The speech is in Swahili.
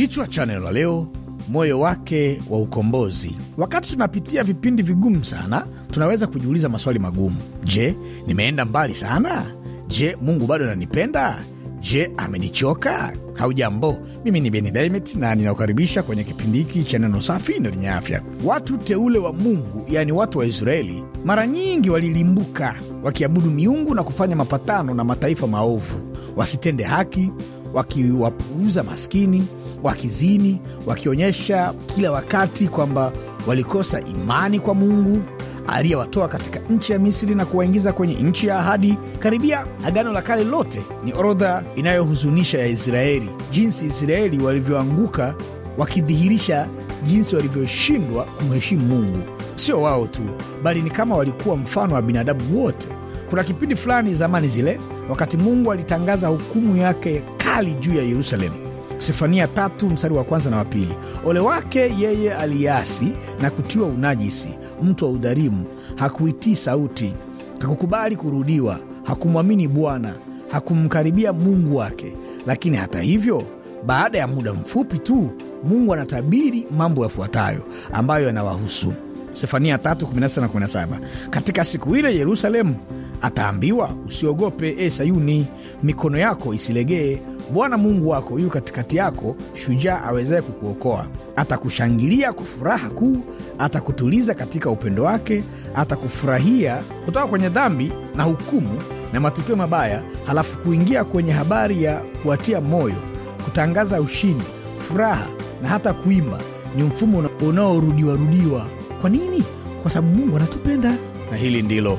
Kichwa cha neno la leo moyo wake wa ukombozi. Wakati tunapitia vipindi vigumu sana, tunaweza kujiuliza maswali magumu. Je, nimeenda mbali sana? Je, Mungu bado ananipenda? Je, amenichoka? Haujambo, mimi ni Beni Daimet na ninakukaribisha kwenye kipindi hiki cha neno safi na lenye afya. Watu teule wa Mungu, yaani watu wa Israeli, mara nyingi walilimbuka wakiabudu miungu na kufanya mapatano na mataifa maovu wasitende haki, wakiwapuuza maskini, wakizini, wakionyesha kila wakati kwamba walikosa imani kwa Mungu aliyewatoa katika nchi ya Misri na kuwaingiza kwenye nchi ya ahadi. Karibia Agano la Kale lote ni orodha inayohuzunisha ya Israeli, jinsi Israeli walivyoanguka, wakidhihirisha jinsi walivyoshindwa kumheshimu Mungu. Sio wao tu, bali ni kama walikuwa mfano wa binadamu wote. Kuna kipindi fulani zamani zile, wakati Mungu alitangaza hukumu yake kali juu ya Yerusalemu. Sefania tatu mstari wa kwanza na wa pili. Ole wake yeye aliasi na kutiwa unajisi, mtu wa udharimu hakuitii sauti, hakukubali kurudiwa, hakumwamini Bwana, hakumkaribia Mungu wake. Lakini hata hivyo, baada ya muda mfupi tu Mungu anatabiri mambo yafuatayo ambayo yanawahusu. Sefania 3:17 katika siku ile Yerusalemu Ataambiwa, usiogope e Sayuni, mikono yako isilegee. Bwana Mungu wako yu katikati yako, shujaa awezaye kukuokoa. Atakushangilia kwa furaha kuu, atakutuliza katika upendo wake, atakufurahia kutoka kwenye dhambi na hukumu na matukio mabaya, halafu kuingia kwenye habari ya kuwatia moyo, kutangaza ushindi, furaha na hata kuimba. Ni mfumo unaorudiwarudiwa. Kwa nini? Kwa sababu Mungu anatupenda, na hili ndilo